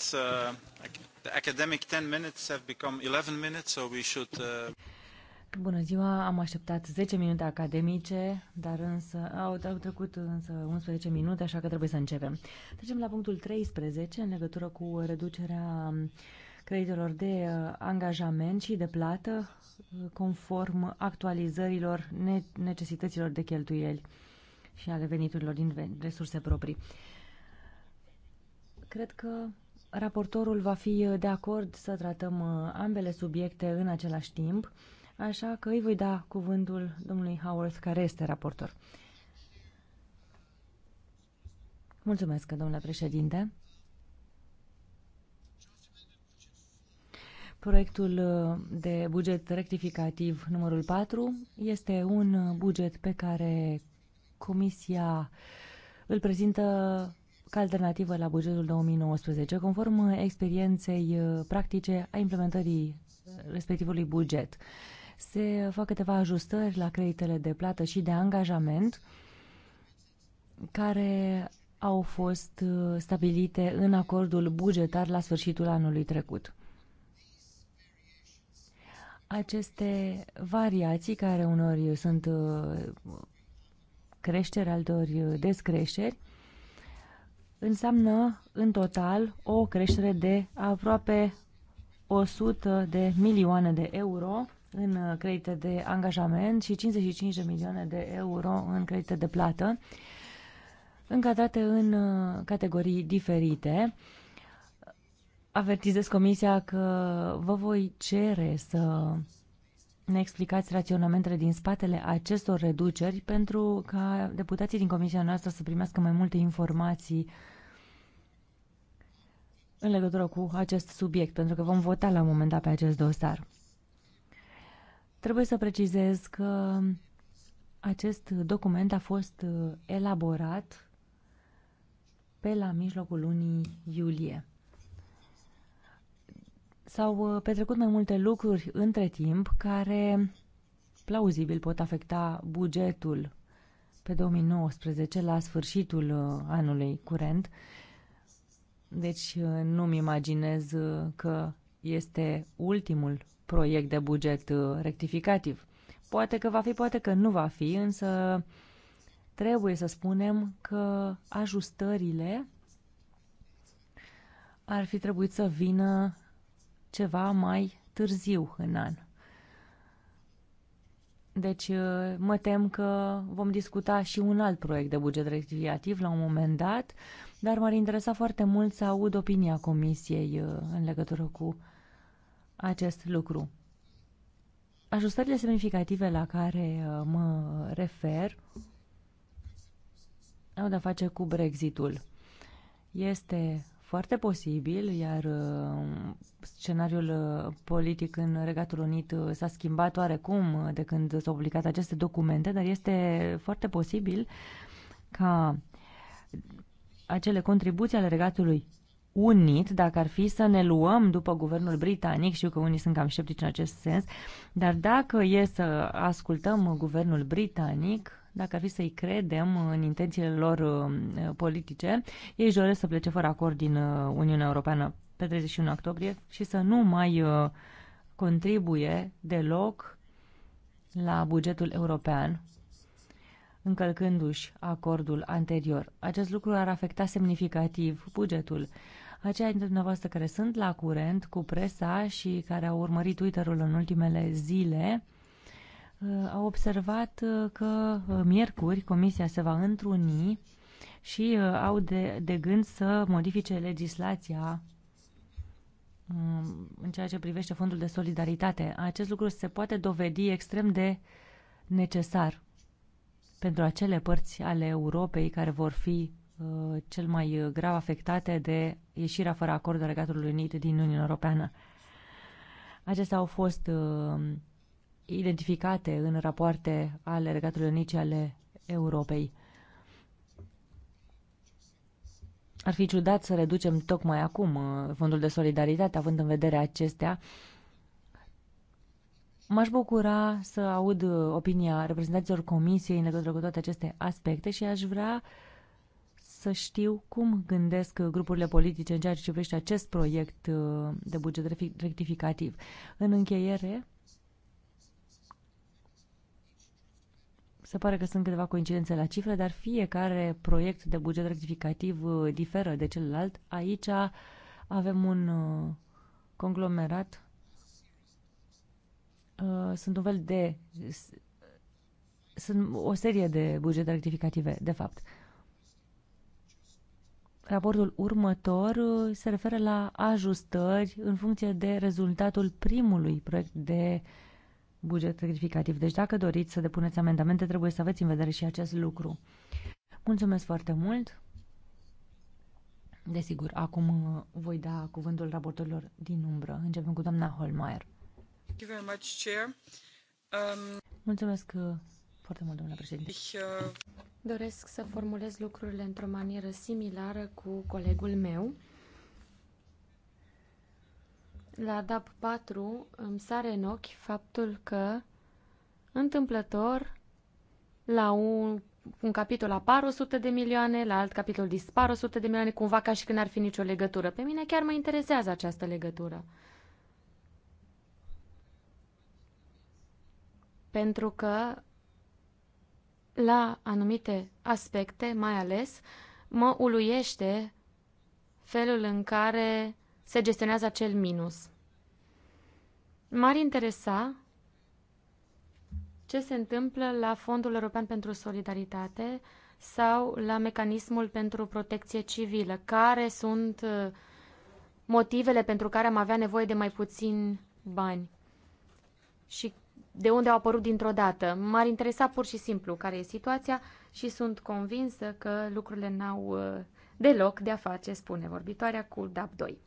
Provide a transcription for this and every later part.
minutes, uh, the academic 10 minutes have become 11 minutes, so we should... Uh... Bună ziua, am așteptat 10 minute academice, dar însă au, au trecut însă 11 minute, așa că trebuie să începem. Trecem la punctul 13 în legătură cu reducerea creditelor de uh, angajament și de plată uh, conform actualizărilor ne- necesităților de cheltuieli și ale veniturilor din resurse proprii. Cred că Raportorul va fi uh, de acord să tratăm uh, ambele subiecte în același timp, așa că îi voi da cuvântul domnului Howard, care este raportor. Mulțumesc, domnule președinte. Proiectul uh, de buget rectificativ numărul 4 este un buget pe care Comisia îl prezintă ca alternativă la bugetul 2019, conform uh, experienței uh, practice a implementării uh, respectivului buget. Se fac câteva ajustări la creditele de plată și de angajament care au fost stabilite în acordul bugetar la sfârșitul anului trecut. Aceste variații, care unor sunt creșteri, altor descreșteri, înseamnă în total o creștere de aproape 100 de milioane de euro în credite de angajament și 55 de milioane de euro în credite de plată, încadrate în uh, categorii diferite. Avertizez Comisia că vă voi cere să ne explicați raționamentele din spatele acestor reduceri pentru ca deputații din comisia noastră să primească mai multe informații în legătură cu acest subiect, pentru că vom vota la un moment dat pe acest dosar. Trebuie să precizez că acest document a fost uh, elaborat pe la mijlocul lunii iulie. S-au uh, petrecut mai multe lucruri între timp care plauzibil pot afecta bugetul pe 2019 la sfârșitul uh, anului curent. Deci uh, nu-mi imaginez că este ultimul proiect de buget rectificativ. Poate că va fi, poate că nu va fi, însă trebuie să spunem că ajustările ar fi trebuit să vină ceva mai târziu în an. Deci uh, mă tem că vom discuta și un alt proiect de buget rectificativ la un moment dat, dar m-ar interesa foarte mult să aud opinia Comisiei uh, în legătură cu acest lucru. Ajustările semnificative la care uh, mă refer au de-a face cu Brexitul. Este foarte posibil, iar uh, scenariul uh, politic în Regatul Unit uh, s-a schimbat oarecum de când s-au publicat aceste documente, dar este foarte posibil ca acele contribuții ale Regatului Unit, dacă ar fi să ne luăm după guvernul britanic, știu că unii sunt cam sceptici în acest sens, dar dacă e să ascultăm guvernul britanic, dacă ar fi să-i credem în intențiile lor um, uh, politice, ei își să plece fără acord din uh, Uniunea Europeană pe 31 octombrie și să nu mai uh, contribuie deloc la bugetul european, încălcându-și acordul anterior. Acest lucru ar afecta semnificativ bugetul. Aceia dintre dumneavoastră care sunt la curent cu presa și care au urmărit Twitter-ul în ultimele zile au observat uh, că uh, miercuri Comisia se va întruni și uh, au de, de gând să modifice legislația um, în ceea ce privește fondul de solidaritate. Acest lucru se poate dovedi extrem de necesar pentru acele părți ale Europei care vor fi cel mai grav afectate de ieșirea fără acord a Regatului Unit din Uniunea Europeană. Acestea au fost uh, identificate în rapoarte ale Regatului unice ale Europei. Ar fi ciudat să reducem tocmai acum uh, fondul de solidaritate, având în vedere acestea. M-aș bucura să aud uh, opinia reprezentanților Comisiei în legătură cu toate aceste aspecte și aș vrea să știu cum gândesc grupurile politice în ceea ce privește acest proiect uh, de buget rectificativ. În încheiere, Se pare că sunt câteva coincidențe la cifre, dar fiecare proiect de buget rectificativ uh, diferă de celălalt. Aici avem un uh, conglomerat, uh, sunt un fel de... sunt o serie de bugete rectificative, de fapt. Raportul următor se referă la ajustări în funcție de rezultatul primului proiect de uh, buget rectificativ. Deci dacă doriți să depuneți amendamente, trebuie să aveți în vedere și acest lucru. Mulțumesc foarte mult! Desigur, acum uh, voi da cuvântul raportorilor din umbră. Începem cu doamna Holmeier. Um, Mulțumesc uh, foarte mult, domnule președinte. Uh, Doresc să formulez lucrurile într-o manieră similară cu colegul meu la DAB 4 îmi sare în ochi faptul că, întâmplător, la un, un capitol apar 100 de milioane, la alt capitol dispar 100 de milioane, cumva ca și când ar fi nicio legătură. Pe mine chiar mă interesează această legătură. Pentru că la anumite aspecte, mai ales, mă uluiește felul în care se gestionează acel minus. M-ar interesa ce se întâmplă la Fondul European pentru Solidaritate sau la Mecanismul pentru Protecție Civilă. Care sunt uh, motivele pentru care am avea nevoie de mai puțin bani? Și de unde au apărut dintr-o dată? M-ar interesa pur și simplu care e situația și sunt convinsă că lucrurile n-au uh, deloc de a face, spune vorbitoarea, cu DAP 2.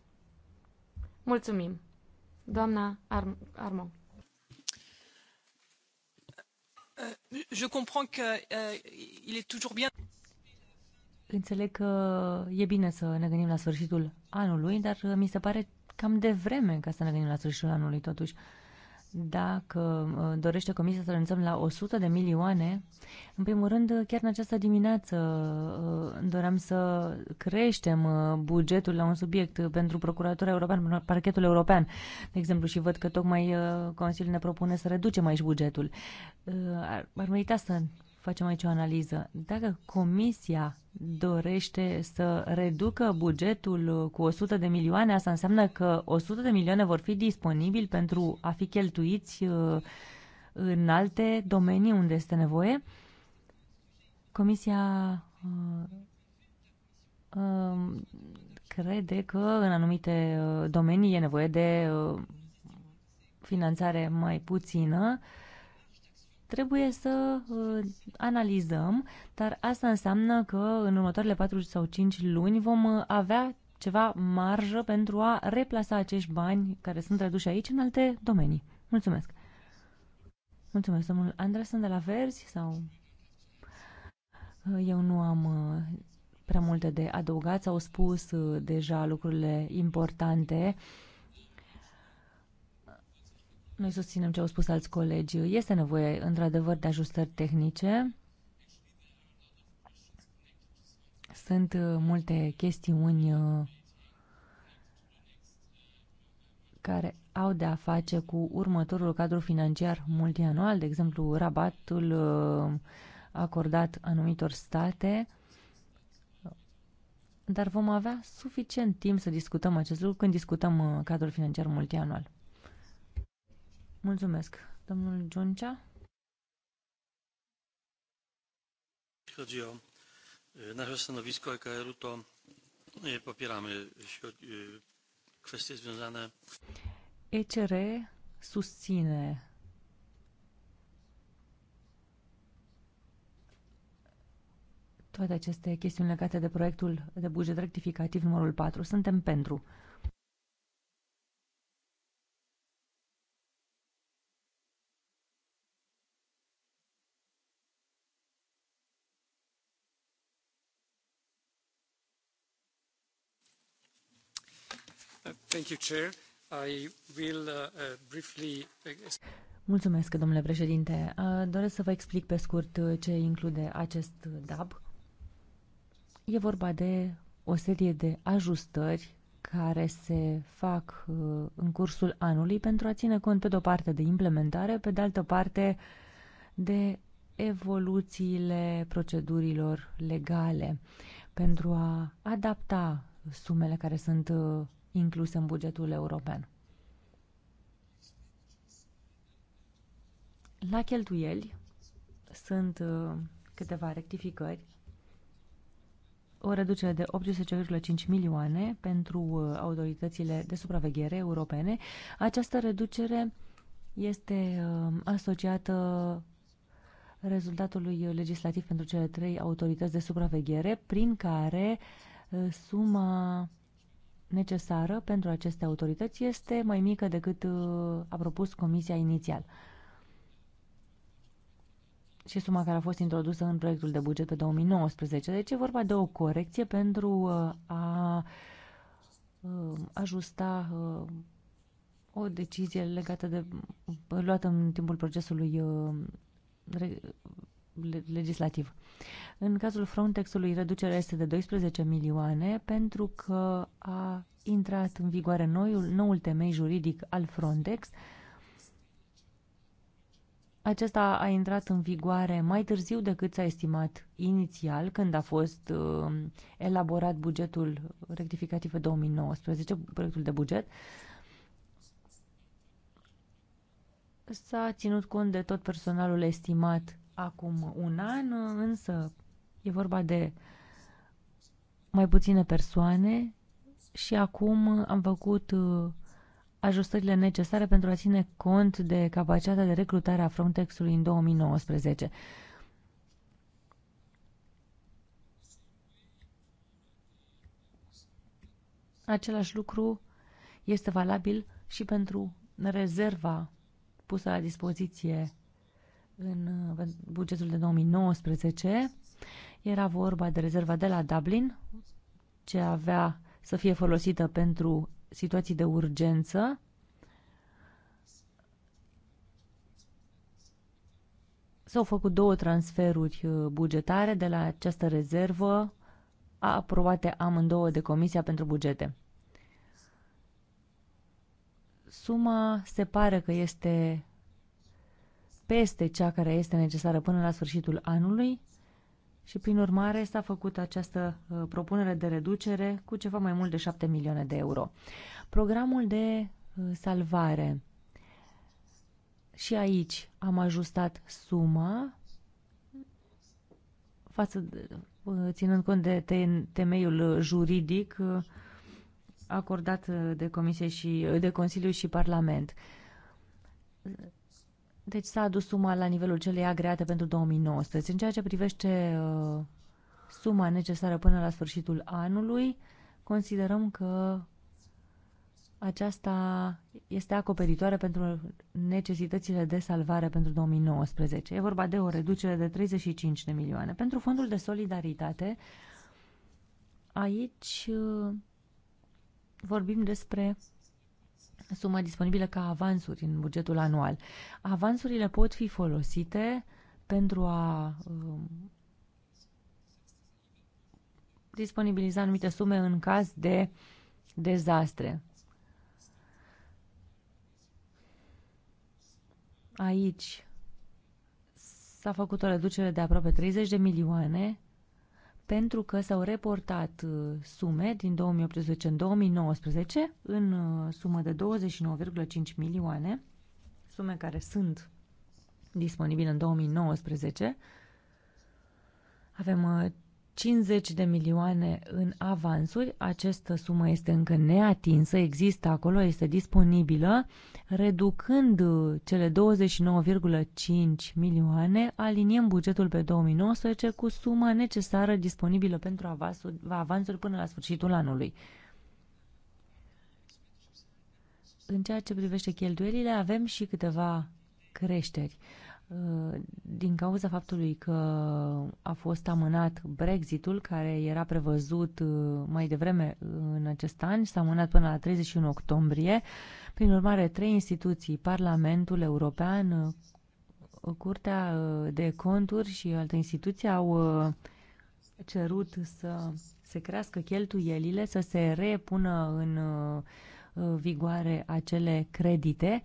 Mulțumim. Doamna Arm Armon. Euh, je comprends que uh, il est toujours bien Înțeleg că e bine să ne gândim la sfârșitul anului, dar mi se pare cam devreme ca să ne gândim la sfârșitul anului totuși. Uh, dacă uh, dorește Comisia să renunțăm la 100 de milioane, în primul rând, chiar în această dimineață uh, doream să creștem uh, bugetul la un subiect pentru Procuratura european, Parchetul European, de exemplu, și văd că tocmai Consiliul ne propune să reducem aici bugetul. Ar merita să facem aici o analiză. Dacă Comisia dorește să reducă bugetul cu 100 de milioane, asta înseamnă că 100 de milioane vor fi disponibili pentru a fi cheltuiți uh, în alte domenii unde este nevoie. Comisia uh, um, crede că în anumite uh, domenii e nevoie de finanțare mai puțină. Trebuie să uh, analizăm, dar asta înseamnă că în următoarele 4 sau 5 luni vom uh, avea ceva marjă pentru a replasa acești bani care sunt reduși aici în alte domenii. Mulțumesc! Mulțumesc, domnul sunt de la Verzi sau... Uh, eu nu am uh, prea multe de adăugat, au spus deja lucrurile importante. Noi susținem ce au spus alți colegi. Este nevoie, într-adevăr, de ajustări tehnice. Sunt uh, multe chestiuni uh, care au de a face cu următorul cadru financiar multianual, de exemplu, rabatul uh, acordat anumitor state, dar vom avea suficient timp să discutăm acest lucru când discutăm cadrul financiar multianual. Mulțumesc. Domnul Giuncea? Chodzi o nasze stanowisko EKR-u, to popieramy kwestie związane... ECR susține toate aceste chestiuni legate de proiectul de buget rectificativ numărul 4. Suntem pentru. Uh, uh, uh, Mulțumesc, domnule președinte. Doresc să vă explic pe scurt ce include acest DAB. E vorba de o serie de ajustări care se fac în cursul anului pentru a ține cont, pe de-o parte, de implementare, pe de altă parte, de evoluțiile procedurilor legale pentru a adapta sumele care sunt incluse în bugetul european. La cheltuieli sunt uh, câteva rectificări. O reducere de 18,5 milioane pentru uh, autoritățile de supraveghere europene. Această reducere este uh, asociată rezultatului legislativ pentru cele trei autorități de supraveghere, prin care suma necesară pentru aceste autorități este mai mică decât uh, a propus Comisia inițial și suma care a fost introdusă în proiectul de buget pe 2019. Deci e vorba de o corecție pentru uh, a uh, ajusta o decizie legată de luată în timpul procesului legislativ. În cazul Frontexului, reducerea este de 12 milioane pentru că a intrat în vigoare noul, noul temei juridic al Frontex. Acesta a intrat în vigoare mai târziu decât s-a estimat inițial, când a fost uh, elaborat bugetul rectificativ pe 2019, proiectul de buget. S-a ținut cont de tot personalul estimat acum un an, însă e vorba de mai puține persoane și acum am făcut uh, ajustările necesare pentru a ține cont de capacitatea de recrutare a Frontex-ului în 2019. Același lucru este valabil și pentru rezerva pusă la dispoziție în bugetul de 2019 era vorba de rezerva de la Dublin, ce avea să fie folosită pentru situații de urgență. S-au făcut două transferuri uh, bugetare de la această rezervă, aprobate amândouă de Comisia pentru Bugete. Suma se pare că este peste cea care este necesară până la sfârșitul anului și, prin urmare, s-a făcut această uh, propunere de reducere cu ceva mai mult de 7 milioane de euro. Programul de uh, salvare. Și aici am ajustat suma față de, uh, ținând cont de temeiul juridic acordat de Comisie și de Consiliu și Parlament. Deci s-a adus suma la nivelul celei agreate pentru 2019. În ceea ce privește uh, suma necesară până la sfârșitul anului, considerăm că aceasta este acoperitoare pentru necesitățile de salvare pentru 2019. E vorba de o reducere de 35 de milioane. Pentru fondul de solidaritate, aici uh, vorbim despre suma disponibilă ca avansuri în bugetul anual. Avansurile pot fi folosite pentru a um, disponibiliza anumite sume în caz de dezastre. Aici s-a făcut o reducere de aproape 30 de milioane pentru că s-au reportat uh, sume din 2018 în 2019 în uh, sumă de 29,5 milioane, sume care sunt disponibile în 2019. Avem uh, 50 de milioane în avansuri, această sumă este încă neatinsă, există acolo, este disponibilă, reducând uh, cele 29,5 milioane, aliniem bugetul pe 2019 cu suma necesară disponibilă pentru avansuri până la sfârșitul anului. În ceea ce privește cheltuielile, avem și câteva creșteri. Uh, din cauza faptului că a fost amânat Brexitul, care era prevăzut uh, mai devreme în acest an, s-a amânat până la 31 octombrie. Prin urmare, trei instituții, Parlamentul European, uh, Curtea de Conturi și alte instituții au cerut să se crească cheltuielile, să se repună în vigoare acele credite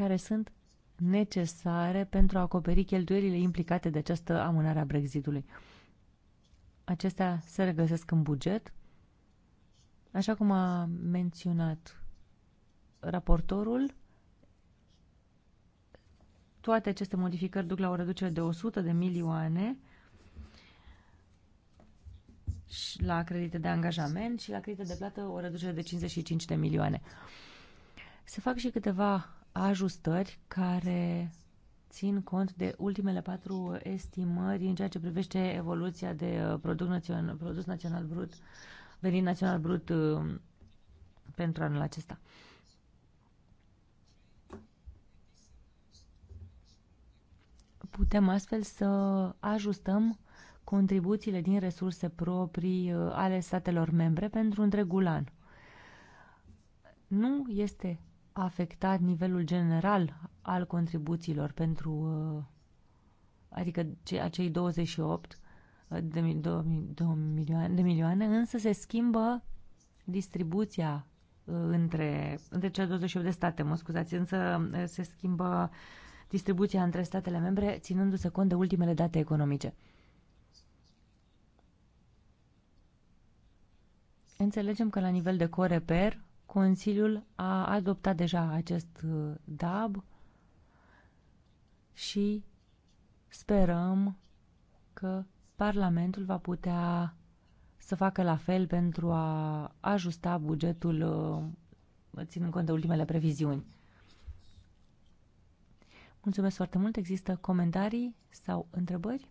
care sunt necesare pentru a acoperi cheltuielile implicate de această amânare a Brexitului. Acestea se regăsesc în buget, așa cum a menționat raportorul, toate aceste modificări duc la o reducere de 100 de milioane și la credite de angajament și la credite de plată o reducere de 55 de milioane. Se fac și câteva ajustări care țin cont de ultimele patru estimări în ceea ce privește evoluția de uh, produs național, produs național brut, venit național brut uh, pentru anul acesta. Putem astfel să ajustăm contribuțiile din resurse proprii uh, ale statelor membre pentru întregul an. Nu este afectat nivelul general al contribuțiilor pentru, uh, adică acei 28 uh, de, milioane, de milioane, însă se schimbă distribuția uh, între, între cele 28 de state, mă scuzați, însă se schimbă distribuția între statele membre, ținându-se cont de ultimele date economice. Înțelegem că la nivel de coreper Consiliul a adoptat deja acest uh, DAB și sperăm că Parlamentul va putea să facă la fel pentru a ajusta bugetul uh, ținând cont de ultimele previziuni. Mulțumesc foarte mult. Există comentarii sau întrebări?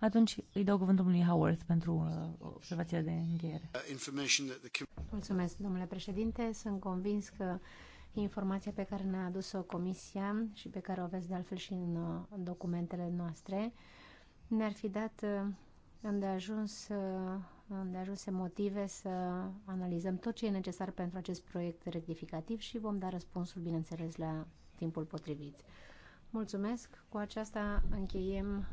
Atunci îi dau cuvântul lui Howard pentru uh, observația de încheiere. Uh, Mulțumesc, domnule președinte. Sunt convins că informația pe care ne-a adus-o Comisia și pe care o aveți de altfel și în uh, documentele noastre ne-ar fi dat îndeajuns, îndeajunse motive să analizăm tot ce e necesar pentru acest proiect rectificativ și vom da răspunsul, bineînțeles, la timpul potrivit. Mulțumesc! Cu aceasta încheiem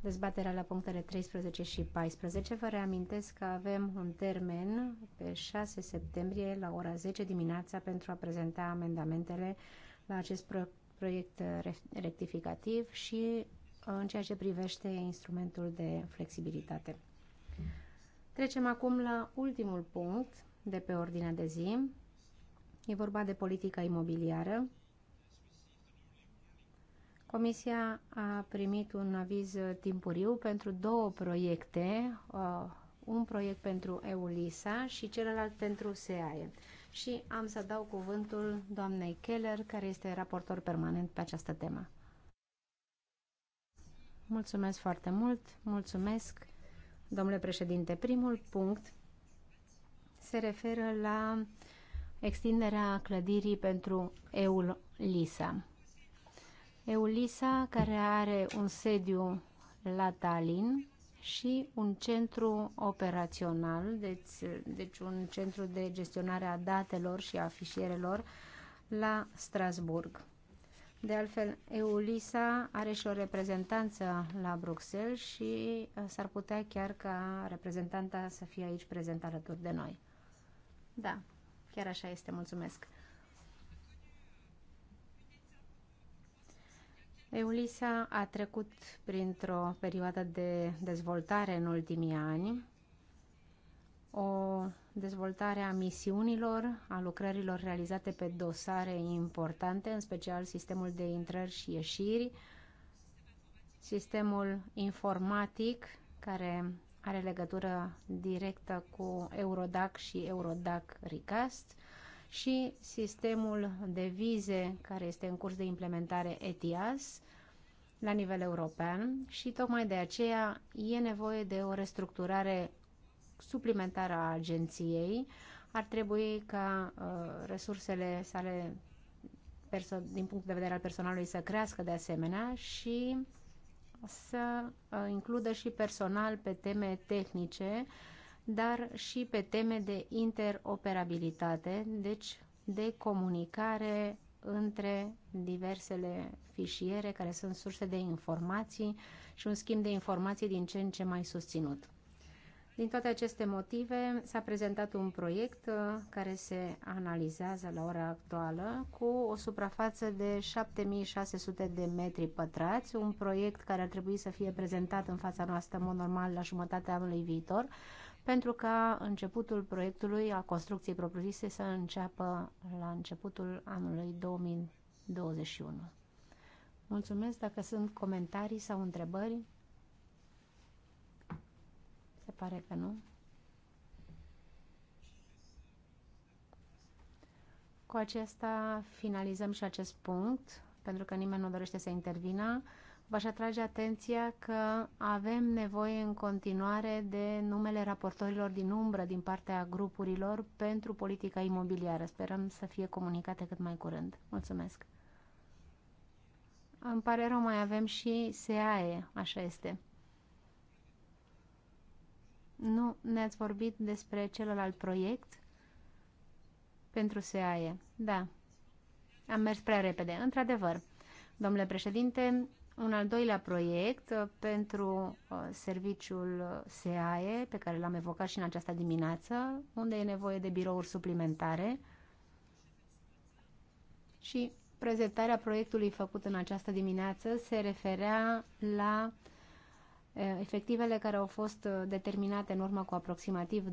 dezbaterea la punctele 13 și 14. Vă reamintesc că avem un termen pe 6 septembrie la ora 10 dimineața pentru a prezenta amendamentele la acest pro proiect rectificativ și uh, în ceea ce privește instrumentul de flexibilitate. Trecem acum la ultimul punct de pe ordinea de zi. E vorba de politica imobiliară Comisia a primit un aviz timpuriu pentru două proiecte, uh, un proiect pentru EULISA și celălalt pentru SEAE. Și am să dau cuvântul doamnei Keller, care este raportor permanent pe această temă. Mulțumesc foarte mult, mulțumesc, domnule președinte. Primul punct se referă la extinderea clădirii pentru EULISA. EULISA, care are un sediu la Tallinn și un centru operațional, deci, deci un centru de gestionare a datelor și a fișierelor la Strasburg. De altfel, EULISA are și o reprezentanță la Bruxelles și uh, s-ar putea chiar ca reprezentanta să fie aici prezent alături de noi. Da, chiar așa este, mulțumesc. Eulisa a trecut printr-o perioadă de dezvoltare în ultimii ani, o dezvoltare a misiunilor, a lucrărilor realizate pe dosare importante, în special sistemul de intrări și ieșiri, sistemul informatic care are legătură directă cu Eurodac și Eurodac Recast, și sistemul de vize care este în curs de implementare ETIAS la nivel european și tocmai de aceea e nevoie de o restructurare suplimentară a agenției. Ar trebui ca uh, resursele sale din punct de vedere al personalului să crească de asemenea și să uh, includă și personal pe teme tehnice uh, dar și pe teme de interoperabilitate, deci de comunicare între diversele fișiere care sunt surse de informații și un schimb de informații din ce în ce mai susținut. Din toate aceste motive s-a prezentat un proiect uh, care se analizează la ora actuală cu o suprafață de 7600 de metri pătrați, un proiect care ar trebui să fie prezentat în fața noastră, în mod normal, la jumătatea anului viitor, pentru ca începutul proiectului a construcției propriu-zise să înceapă la începutul anului 2021. Mulțumesc dacă sunt comentarii sau întrebări. Se pare că nu. Cu acesta finalizăm și acest punct, pentru că nimeni nu dorește să intervină. V-aș atrage atenția că avem nevoie în continuare de numele raportorilor din umbră din partea grupurilor pentru politica imobiliară. Sperăm să fie comunicate cât mai curând. Mulțumesc! Îmi pare rău, mai avem și SEAE, așa este. Nu ne-ați vorbit despre celălalt proiect pentru SEAE. Da, am mers prea repede. Într-adevăr, domnule președinte, un al doilea proiect uh, pentru uh, serviciul uh, SEAE, pe care l-am evocat și în această dimineață, unde e nevoie de birouri suplimentare și prezentarea proiectului făcut în această dimineață se referea la efectivele care au fost determinate în urmă cu aproximativ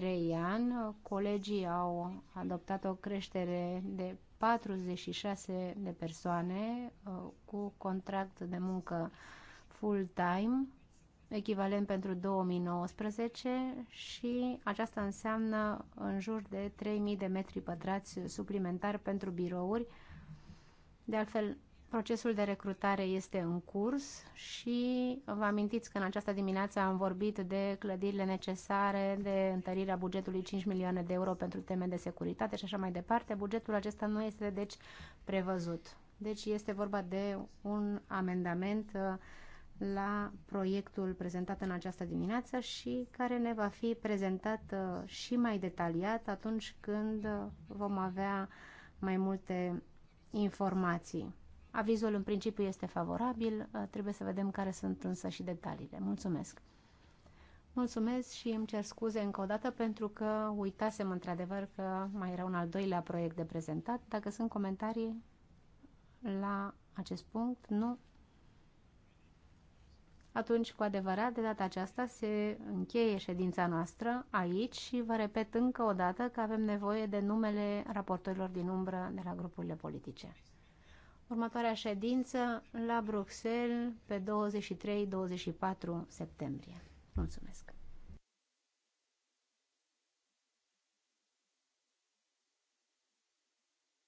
2-3 ani. Colegii au adoptat o creștere de 46 de persoane uh, cu contract de muncă full-time, echivalent pentru 2019 și aceasta înseamnă în jur de 3000 de metri pătrați suplimentari pentru birouri. De altfel, Procesul de recrutare este în curs și vă amintiți că în această dimineață am vorbit de clădirile necesare, de întărirea bugetului 5 milioane de euro pentru teme de securitate și așa mai departe. Bugetul acesta nu este deci prevăzut. Deci este vorba de un amendament uh, la proiectul prezentat în această dimineață și care ne va fi prezentat uh, și mai detaliat atunci când uh, vom avea mai multe informații. Avizul în principiu este favorabil, uh, trebuie să vedem care sunt însă și detaliile. Mulțumesc! Mulțumesc și îmi cer scuze încă o dată pentru că uitasem într-adevăr că mai era un al doilea proiect de prezentat. Dacă sunt comentarii la acest punct, nu. Atunci, cu adevărat, de data aceasta se încheie ședința noastră aici și vă repet încă o dată că avem nevoie de numele raportorilor din umbră de la grupurile politice următoarea ședință la Bruxelles pe 23-24 septembrie. Mulțumesc!